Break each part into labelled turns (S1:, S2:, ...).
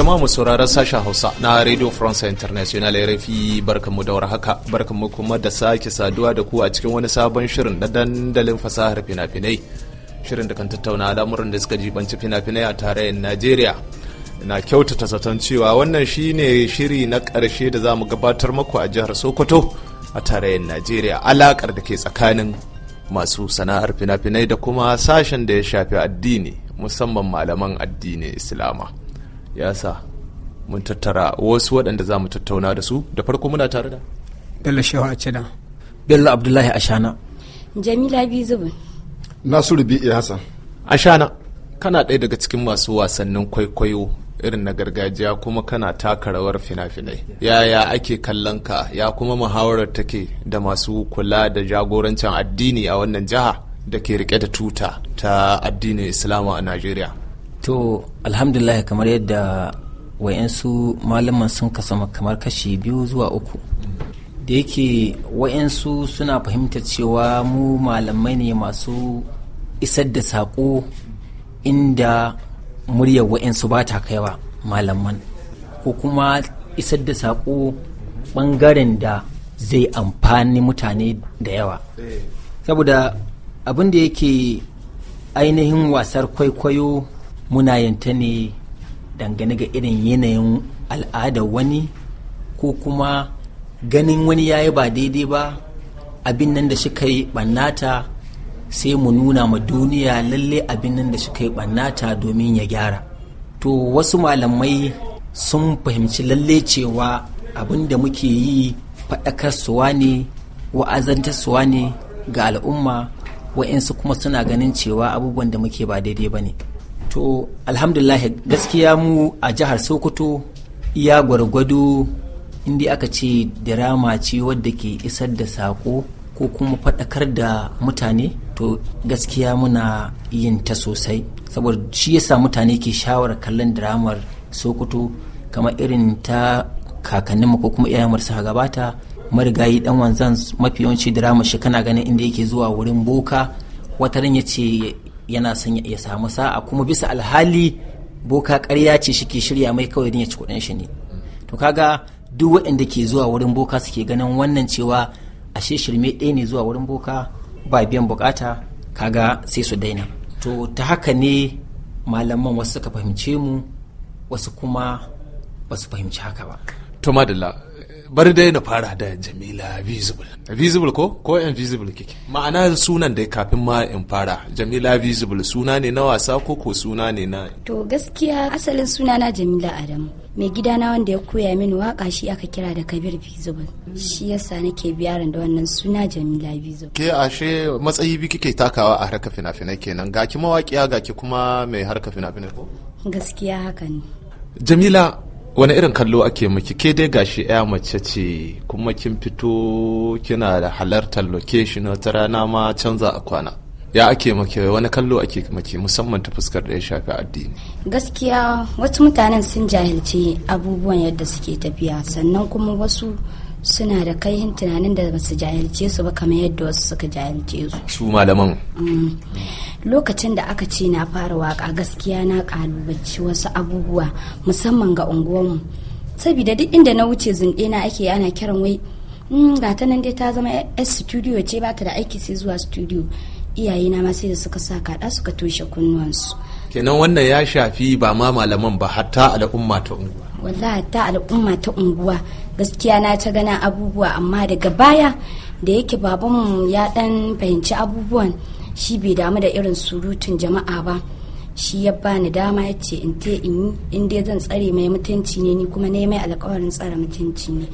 S1: jama'a mu sauraron sashen hausa na radio france international rfi barkanmu da haka barkanmu kuma da sake saduwa da ku a cikin wani sabon shirin na dandalin fasahar fina-finai shirin da kan tattauna al'amuran da suka jibanci fina-finai a tarayyar nigeria na kyautata zaton cewa wannan shine shiri na karshe da za mu gabatar maku a jihar sokoto a tarayyar nigeria alakar da ke tsakanin masu sana'ar fina-finai da kuma sashen da ya shafi addini musamman malaman addinin islama ya sa mun tattara wasu waɗanda za mu tattauna da su da farko muna tare da bello shehu a cina bello abdullahi ashana
S2: jamila bizubin
S1: nasiru bi hassan ashana kana ɗaya daga cikin masu wasannin kwaikwayo irin na gargajiya kuma kana taka rawar fina-finai yaya ake kallon ka ya kuma muhawarar take da masu kula da jagorancin addini a wannan jiha da ke rike da tuta ta addinin islamu a najeriya
S3: to alhamdulillah kamar yadda wayansu malaman sun kasama kamar kashi biyu zuwa uku da yake wayansu suna fahimtar cewa mu malamai ne masu isar da saƙo inda muryar wayansu ba ta kaiwa malaman ko kuma isar da saƙo ɓangaren da zai amfani mutane da yawa saboda abin da yake ainihin wasar kwaikwayo muna yin ne dangane ga irin yanayin al'ada wani ko kuma ganin wani ya yi ba daidai ba abin nan da suka yi ɓannata sai mu nuna ma duniya lalle abin nan da suka yi ɓannata domin ya gyara to wasu malamai sun fahimci lalle cewa abin da muke yi faɗakarsuwa ne wa'azantarsuwa ne ga al'umma wa'insu kuma suna ganin cewa abubuwan da muke ba daidai ba ne to alhamdulillah gaskiya mu a jihar sokoto ya gwargwado inda aka ce dirama ce wadda ke isar da sako ko kuma faɗakar da mutane to gaskiya muna yin ta sosai saboda shi yasa mutane ke shawar kallon diramar sokoto kamar irin ta kakanninmu ko kuma iyayen suka gabata marigayi dan wanzan mafi yawanci dirama shi kana ganin inda yake zuwa wurin boka wata ran ya ce yana son ya samu sa'a kuma bisa alhali boka karya ce shi ke shirya mai kawai don ya ci kuɗin shi ne to kaga duk waɗanda ke zuwa wurin boka suke ganin wannan cewa ashe shirme ɗaya ne zuwa wurin boka ba biyan bukata kaga sai su daina to ta haka ne malaman wasu suka fahimce mu wasu kuma ba su fahimci haka ba
S1: to madalla
S3: bar dai na fara da jamila
S1: visible visible ko ko invisible kike ma'ana sunan dai kafin ma in fara jamila visible suna ne na wasa ko ko suna ne na
S2: to gaskiya asalin suna na jamila adamu mai gidana wanda ya koya mini waka shi aka kira da kabir visible shi yasa nake biyaran da wannan suna jamila visible
S1: ke ashe matsayi bi kike takawa a harka fina-finai kenan gaki mawaƙiya ga ki kuma mai harka fina-finai ko
S2: gaskiya hakan.
S1: jamila wani irin kallo ake miki ke dai gashi ya mace ce kuma kin fito kina da halartar location ta rana ma canza a kwana ya ake maki wani kallo ake maki musamman ta fuskar da ya shafi addini
S2: gaskiya wasu mutanen sun jahilci abubuwan yadda suke tafiya sannan kuma wasu suna da kaihin tunanin da basu jahilce su ba kamar yadda wasu suka jahilce su
S1: su malaman
S2: mm. lokacin da aka ce na fara waka gaskiya na kalubalci wasu abubuwa musamman ga unguwarmu saboda duk inda na wuce zunɗe na ake ana kiran wai mm, ga ta nan dai ta zama yar studio ce ba ta da aiki sai zuwa studio iyaye na ma sai da suka sa kaɗa suka toshe kunnuwansu
S1: kenan wannan ya shafi ba ma malaman ba hatta al'umma ta unguwa
S2: wallahi hatta al'umma ta unguwa gaskiya na ta gana abubuwa amma daga baya da yake babanmu ya dan fahimci abubuwan shi bai damu da irin surutun jama'a ba shi ya bani dama ya ce in te in yi in dai zan tsare mai mutunci ne ni kuma ne mai alkawarin tsare mutunci ne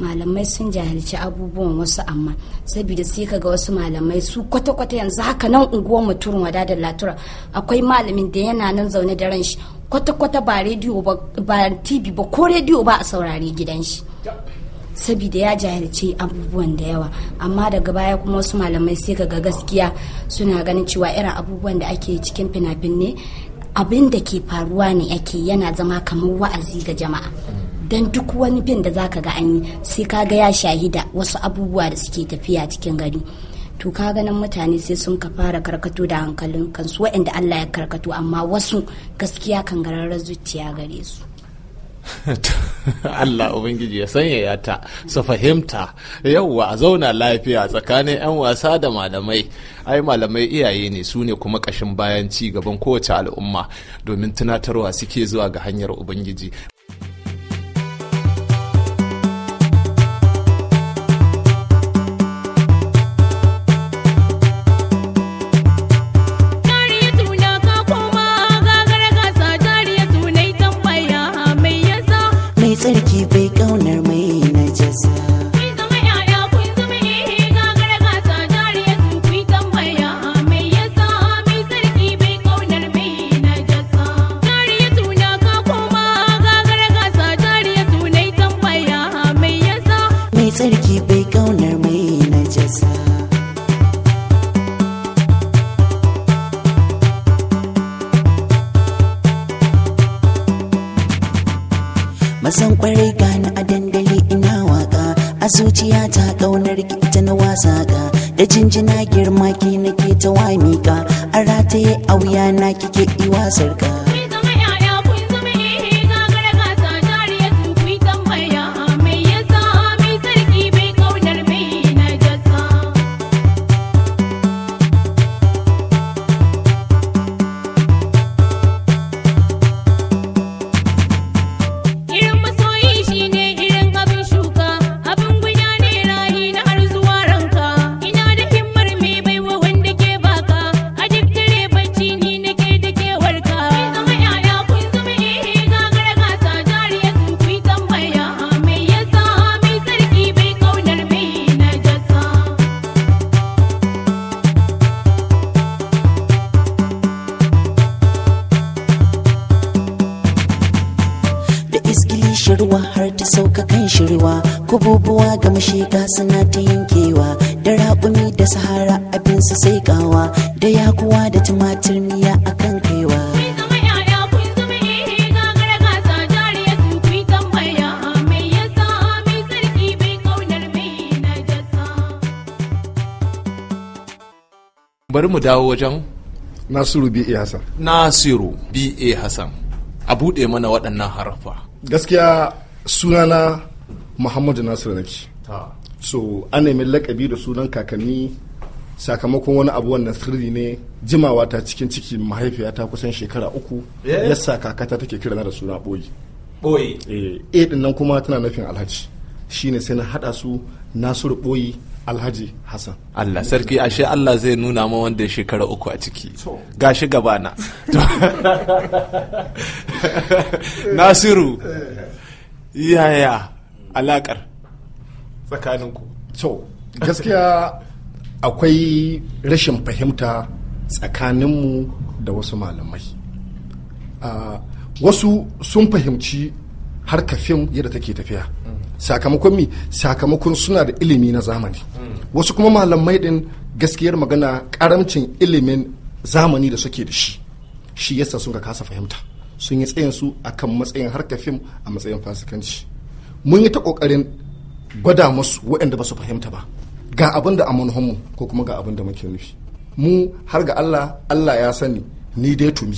S2: malamai sun jahilci abubuwan wasu amma saboda sai ka ga wasu malamai su kwata-kwata yanzu haka nan unguwar mutum wada da latura akwai malamin da yana nan zaune da ran shi kwata-kwata ba rediyo ba tv ba ko rediyo ba a saurari gidan shi saboda ya jahilce abubuwan da yawa amma daga baya kuma wasu malamai sai ga gaskiya suna ganin cewa irin abubuwan da ake cikin fina ne abin da ke faruwa ne ake yana zama kamar wa'azi ga jama'a don duk wani bin da za ka ga an yi sai ka ga ya shahida wasu abubuwa da suke tafiya cikin gari to ka ganin mutane sai sun ka fara karkato da hankalin kansu waɗanda Allah ya karkato amma wasu gaskiya kan gararar zuciya gare su
S1: Allah Ubangiji ya sanyaya ta su fahimta yauwa a zauna lafiya tsakanin 'yan wasa da malamai ai malamai iyaye ne su ne kuma kashin bayan ci gaban kowace al'umma domin tunatarwa suke zuwa ga hanyar Ubangiji
S4: da jinjina girma ki nake ta wa miƙa a rataye a wuya na kike iwa sarka ruwa har ta sauka kan shirwa kububuwa ga mashiga suna ta yankewa da raƙumi da sahara abin su sai kawa da yakuwa da tumatir miya a kan kaiwa
S1: bari mu dawo wajen nasiru ba hassan nasiru ba hassan a buɗe mana waɗannan harafa
S5: gaskiya sunana muhammadu nasiru nake so an nemi lakabi da sunan kakanni sakamakon wani abu wannan sirri ne jimawa ta cikin ciki mahaifiyata kusan shekara uku eh? yasa kakata take kirana da suna boyi boyi eh din nan kuma tana nufin alhaji shine sai na hada su nasiru boyi
S1: alhaji hassan allah sarki ashe allah zai nuna ma wanda shekara uku a ciki gashi na.
S4: nasiru
S1: yaya alakar tsakaninku so
S5: gaskiya akwai rashin fahimta tsakaninmu da wasu malamai ah, wasu sun fahimci harka fim yadda take tafiya sakamakon mi sakamakon suna da ilimi na zamani wasu kuma malamai din gaskiyar magana karamcin ilimin zamani da suke da shi shi yasa sun ka kasa fahimta sun yi tsayin su akan matsayin harkar fim a matsayin fasikanci mun yi ta kokarin gwada musu waɗanda ba su fahimta ba ga abin da amanhonmu ko kuma ga abin da muke nufi mu har ga Allah Allah ya sani ni dai tumi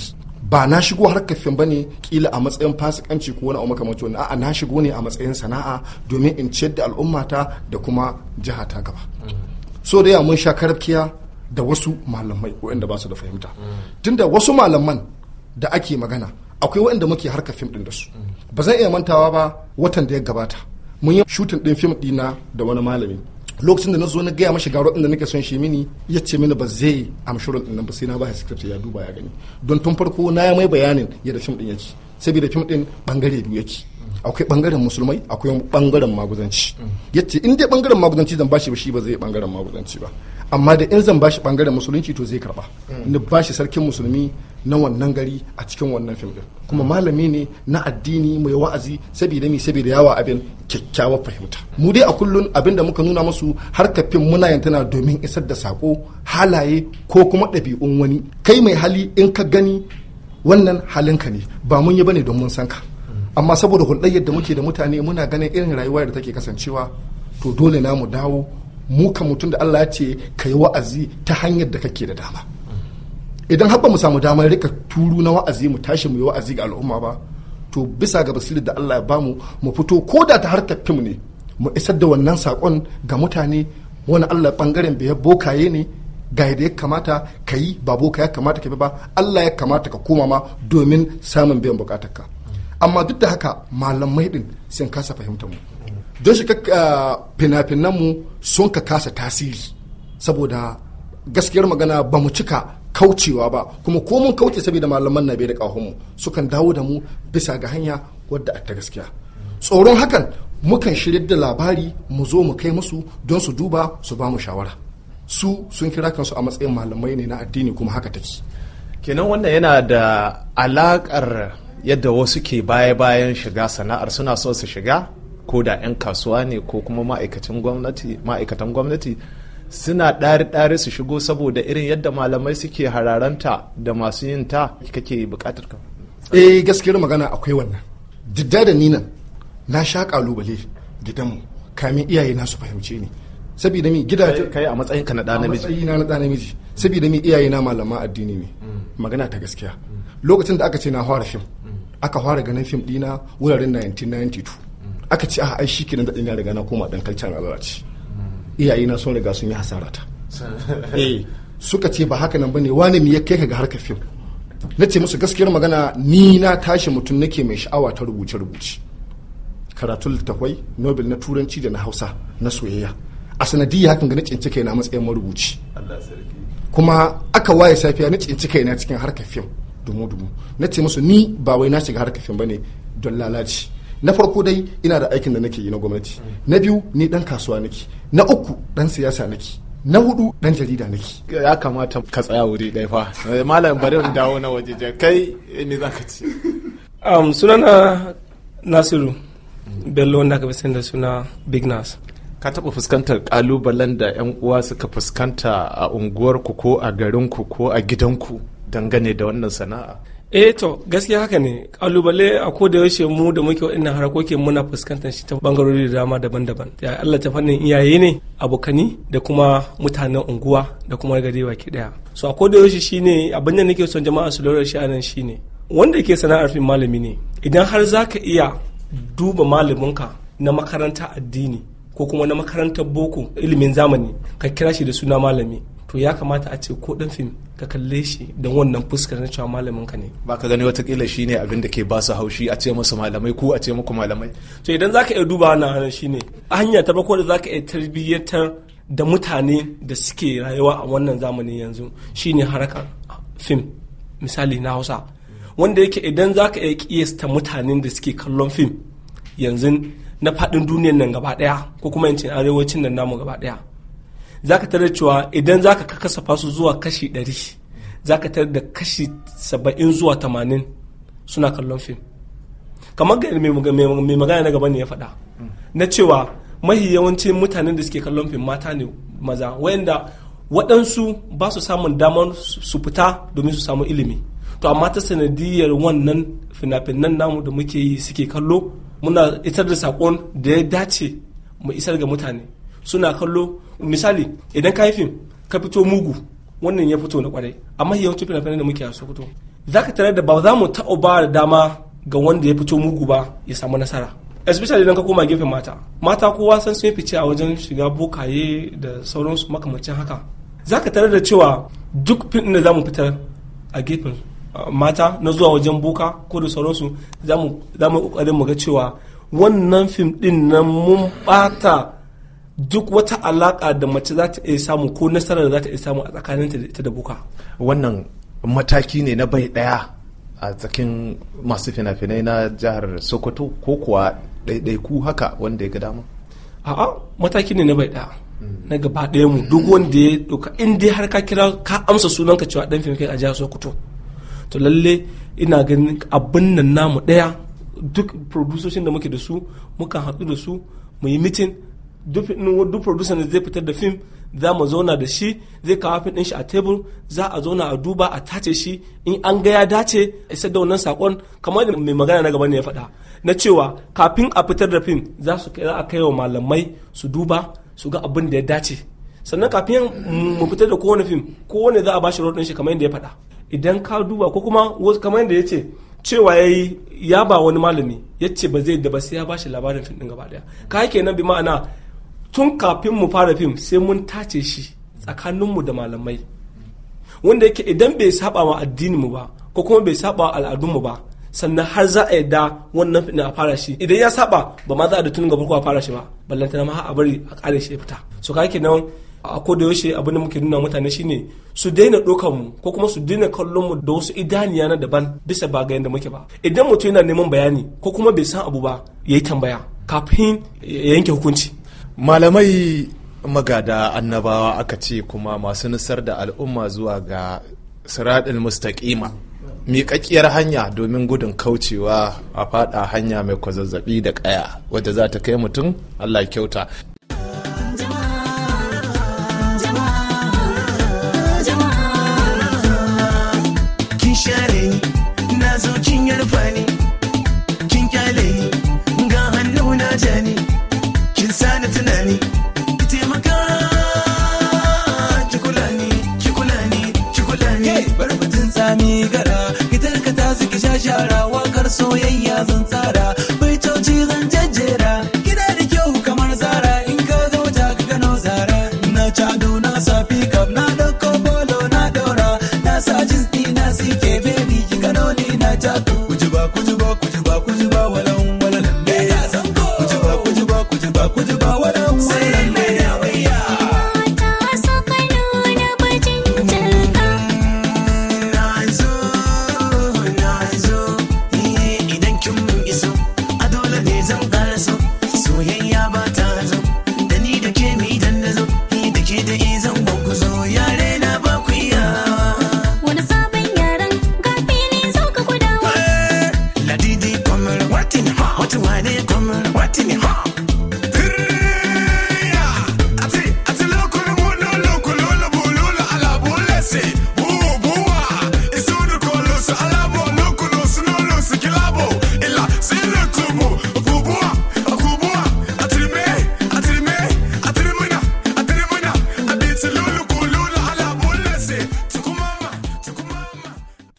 S5: ba na shigo harkar fim ba ne kila a matsayin fasikanci ko wani abu makamancin wani a'a na shigo ne a matsayin sana'a domin in ciyar da al'ummata da kuma jiha ta gaba so da mun sha karkiya da wasu malamai waɗanda ba su da fahimta tunda wasu malaman da ake magana akwai waɗanda muke harka fim ɗin da su ba zan iya mantawa ba watan da ya gabata mun yi shutin ɗin fim ɗina da wani malami lokacin da na zo na gaya mashi ga da nake son shi mini ya ce mini ba zai amshi ɗin nan ba sai na ba script ya duba ya gani don tun farko na ya mai bayanin yadda fim ɗin yake saboda fim ɗin bangare biyu yake akwai bangaren musulmai akwai bangaren maguzanci yace in dai bangaren maguzanci zan bashi ba shi ba zai bangaren maguzanci ba amma da in zan bashi bangaren musulunci to zai karba ni bashi sarkin musulmi na wannan gari a cikin wannan fim din kuma malami ne na addini mai wa'azi saboda mi saboda yawa abin kyakkyawar fahimta mu dai a kullum abin da muka nuna musu ka fim muna yantana domin isar da sako halaye ko kuma ɗabi'un wani kai mai hali in ka gani wannan halinka ne ba mun yi ne don mun san ka amma saboda hulɗar da muke da mutane muna ganin irin rayuwa da take kasancewa to dole na mu dawo mu ka mutum da Allah ya ce ka yi wa'azi ta hanyar da kake da dama idan har mu samu damar rika turu na wa'azi mu tashi mu yi wa'azi ga al'umma ba to bisa ga basiri da Allah ya bamu mu fito ko da ta harkar fim ne mu isar da wannan sakon ga mutane wani Allah bangaren biyar bokaye ne ga yadda ya kamata ka yi ba boka ya kamata ka bi ba Allah ya kamata ka koma ma domin samun biyan ka amma duk da haka malamai din sun kasa fahimta mu don shi fina-finan mu sun ka kasa tasiri saboda gaskiyar magana ba mu cika kaucewa ba kuma ko mun kauce saboda malaman na bai da mu sukan dawo da mu bisa ga hanya wadda a ta gaskiya tsoron hakan mukan shirya da labari mu zo mu kai musu don su duba su ba mu shawara su sun kira kansu a matsayin malamai ne na addini kuma haka take
S1: kenan wannan yana da alakar yadda wasu ke baya-bayan shiga sana'ar suna so su shiga ko da 'yan kasuwa ne ko kuma ma'aikatan gwamnati suna ɗari-ɗari su shigo saboda irin yadda malamai suke hararanta da masu yin ta kake buƙatar ka eh gaskiyar magana akwai wannan didda da ni nan na
S5: sha kalubale
S1: gidanmu kamin iyaye nasu fahimce ni
S5: saboda mi gidaje kai a matsayin ka na ɗa namiji matsayi na ɗa namiji saboda mi iyaye na malama addini ne magana ta gaskiya lokacin da aka ce na fara fim aka fara ganin fim dina wuraren 1992 aka ce a ai shikenan da ina riga na koma dan kalcan lalace iyayena sun riga sun yi hasara ta
S1: eh
S5: suka ce ba haka nan bane wani me ya kai ka ga harka fim na ce musu gaskiyar magana ni na tashi mutum nake mai sha'awa ta rubuce rubuce karatu littafai nobel na turanci da na hausa na soyayya a sanadiyya hakan ga na tsinci na matsayin marubuci kuma aka waye safiya na tsinci kaina cikin harka fim dumu dumu na ce musu ni ba wai na shiga harka fim bane don lalaci na farko dai ina da aikin da nake yi na gwamnati na biyu ni dan kasuwa nake na uku dan siyasa nake na hudu dan jarida nake
S1: ya kamata ka tsaya wuri dai fa eh, malam bari mu dawo na waje kai ni eh, za ka ci
S6: um, sunana nasiru bello wanda ka fi da suna big ka taɓa fuskantar
S1: ƙalubalen da 'yan uwa suka fuskanta a unguwarku ko a garinku ko a gidanku dangane da wannan sana'a
S6: eh to gaskiya haka ne kalubale a ko da yaushe mu da muke waɗannan harkokin muna fuskantar shi ta bangarori da dama daban-daban ya Allah ta fannin iyaye ne abokani da kuma mutanen unguwa da kuma gari baki daya so a ko da yaushe shine abin da nake son jama'a su lura shi anan shine wanda ke sana'ar fin malami ne idan har zaka iya duba malaminka na makaranta addini ko kuma na makarantar boko ilimin zamani ka kira shi da suna malami to ya kamata a ce ko dan fim ka kalle shi da wannan fuskar na cewa malamin ka ne ba ka gani watakila shi ne abin da ke ba su haushi a ce masu malamai ko a ce muku malamai to idan za ka iya duba na hanyar shi ne a hanya ta bako da za ka iya tarbiyyatar da mutane da suke rayuwa a wannan zamanin yanzu shine haraka fim misali na hausa wanda yake idan za ka iya kiyasta mutanen da suke kallon fim yanzu na faɗin duniyar nan gaba ɗaya ko kuma yancin arewacin nan namu gaba ɗaya za ka tarar cewa idan za ka kasafa su zuwa kashi ɗari za ka tarar da kashi saba'in zuwa tamanin suna kallon fim kamar ga mai magana na gaba ne ya faɗa na cewa mahi yawancin mutanen da suke kallon fim mata ne maza wayanda waɗansu ba su samun damar su fita domin su samu ilimi to amma ta sanadiyar wannan fina-finan namu da muke yi suke kallo muna isar da saƙon da ya dace mu isar ga mutane suna kallo misali idan ka haifin fim ka fito mugu wannan ya fito na kwarai amma yawancin fina-finan da muke a fito za ka tare da ba za mu taɓa ba da dama ga wanda ya fito mugu ba ya samu nasara especially idan ka koma gefen mata mata kowa san sun fice a wajen shiga bokaye da sauransu makamancin haka za ka tare da cewa duk fin da za mu fitar a gefen mata na zuwa wajen boka ko da sauransu za mu kokarin mu ga cewa wannan fim din nan mun bata. duk wata alaƙa da mace za ta iya samu ko nasarar da za ta iya samu a tsakaninta ta ita da buka wannan
S1: mataki ne na bai ɗaya a tsakin masu fina-finai na jihar sokoto ko kuwa ɗaiɗaiku haka wanda ya ga dama
S6: a'a mataki ne na bai ɗaya na gaba ɗaya mu duk wanda ya ɗauka in dai har ka kira ka amsa sunan ka cewa ɗan fim kai a jihar sokoto to lalle ina ganin abin nan namu ɗaya duk producers da muke da su mukan haɗu da su mu yi mitin duk producer da zai fitar da fim za mu zauna da shi zai kawo film din shi a tebur za a zauna a duba a tace shi in an ga ya dace isar da wannan sakon kamar yadda mai magana na gaba ne ya faɗa na cewa kafin a fitar da fim za su a kai wa malamai su duba su ga abin da ya dace sannan kafin mu fitar da kowane fim kowane za a bashi din shi kamar yadda ya faɗa idan ka duba ko kuma kamar yadda ya ce cewa ya yi ya ba wani malami ya ce ba zai da ba sai ya bashi labarin fim din gaba daya ka kenan bi ma'ana tun kafin mu fara fim sai mun tace shi tsakaninmu da malamai wanda yake idan bai saba wa addininmu ba ko kuma bai saba wa al'adunmu ba sannan har za a yadda wannan fina fara shi idan ya saba ba ma za a da tunin gaba ko a fara shi ba ballanta ma a bari a kare shi fita so ka nan a ko da yaushe abin da muke nuna mutane shine su daina ɗaukar mu ko kuma su daina kallon mu da wasu idaniya na daban bisa ba ga yanda muke ba idan mutum yana neman bayani ko kuma bai san abu ba yayi tambaya kafin ya yanke hukunci malamai
S1: magada annabawa aka ce kuma masu nisar da al'umma zuwa ga siraɗin mustaƙima miƙaƙƙiyar hanya domin gudun kaucewa a faɗa hanya mai kwazazzabi da ƙaya wadda za ta kai mutum allah kyauta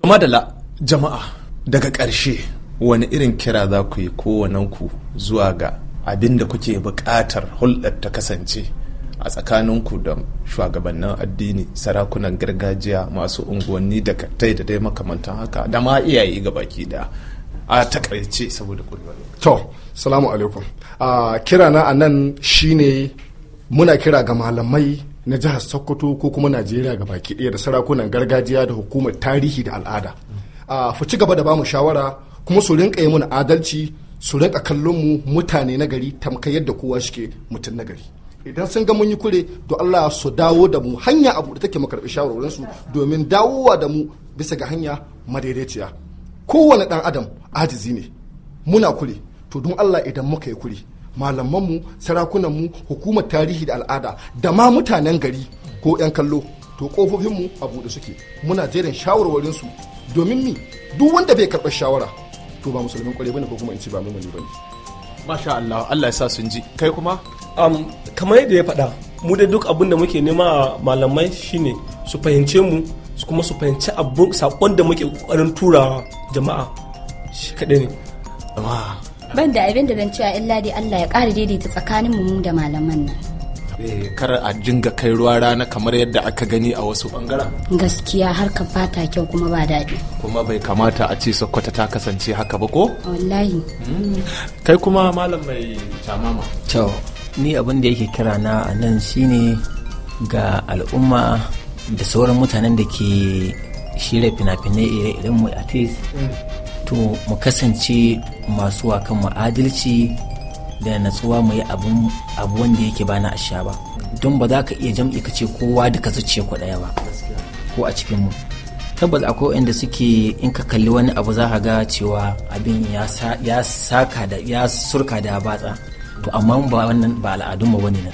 S1: madala jama'a daga ƙarshe wani irin kira za ku yi ku zuwa ga abin da kuke buƙatar hulɗar ta kasance a tsakaninku da shugabannin addini sarakunan gargajiya masu unguwanni da kattai da dai makamantan haka da ma iyaye ga baki da a takaice saboda to salamu alaikum
S5: ah, a kira na anan shine muna kira ga malamai na jihar sokoto ko kuma najeriya ga baki ɗaya da sarakunan gargajiya da hukumar tarihi da al'ada a fa ci gaba da bamu shawara kuma su rinka yi mana adalci su rinka kallon mu mutane na gari tamkar yadda kowa shike mutum na gari idan sun ga mun yi kure to Allah su dawo da mu hanya a buɗe take makarbi shawarwarin su domin dawowa da mu bisa ga hanya madaidaiciya kowane ɗan adam ajizi ne muna kure to don Allah idan muka yi kure malamanmu sarakunanmu hukumar tarihi da al'ada da ma mutanen gari ko 'yan kallo to kofofinmu a buɗe suke muna jerin shawarwarinsu domin mi duk wanda bai karɓar shawara to ba musulmin kwarai bane ko kuma in ce ba mumuni bane
S6: masha Allah Allah ya sa sun ji kai kuma um, kamar yadda ya faɗa mu da duk abin da muke nema a malamai shine su fahimce mu su kuma su fahimci abin sakon da muke ƙoƙarin turawa jama'a shi kaɗai ne
S2: ban da abin da zan cewa illa dai Allah ya ƙara daidaita tsakanin mu da malaman nan
S6: eh, kar a
S1: dinga kai ruwa rana kamar yadda aka gani a wasu bangaren
S2: gaskiya harkar fata kyau kuma ba daɗi
S1: kuma bai kamata a ce sokoto ta kasance haka ba ko
S2: wallahi hmm.
S3: kai kuma malam mai tamama to ni abin da yake kira na a nan shine ga al'umma da sauran mutanen da ke shirya fina-finai irin mu to mu kasance masu wa kan adalci da natsuwa mu yi abu wanda yake ba a sha ba don ba za ka iya jam'i ka ce kowa duka zuciya ku ɗaya ba ko a cikin mu tabbas akwai wanda suke in ka kalli wani abu za ka ga cewa abin ya saka da ya surka da batsa to amma ba wannan ba al'adun mu bane nan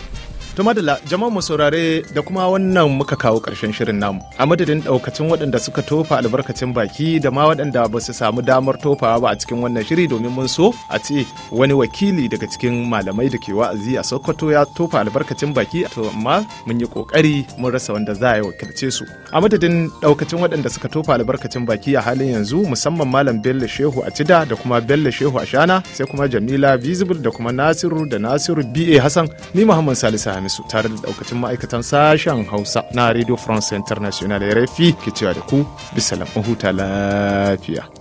S3: To madala jama'a mu
S1: saurare da kuma wannan muka kawo ƙarshen shirin namu. A madadin ɗaukacin waɗanda suka tofa albarkacin baki da ma waɗanda ba su samu damar tofawa ba a cikin wannan shiri domin mun so a ce wani wakili daga cikin malamai da ke wa'azi a Sokoto ya tofa albarkacin baki to amma mun yi ƙoƙari mun rasa wanda za a wakilce su. A madadin ɗaukacin waɗanda suka tofa albarkacin baki a halin yanzu musamman Malam Bello Shehu a Cida da kuma Bello Shehu a Shana sai kuma Jamila Visible da kuma Nasiru da Nasiru BA Hassan ni Muhammad Salisu su tare da daukacin ma'aikatan sashen Hausa na Radio France International RFI ke cewa da ku bisa lamun huta lafiya.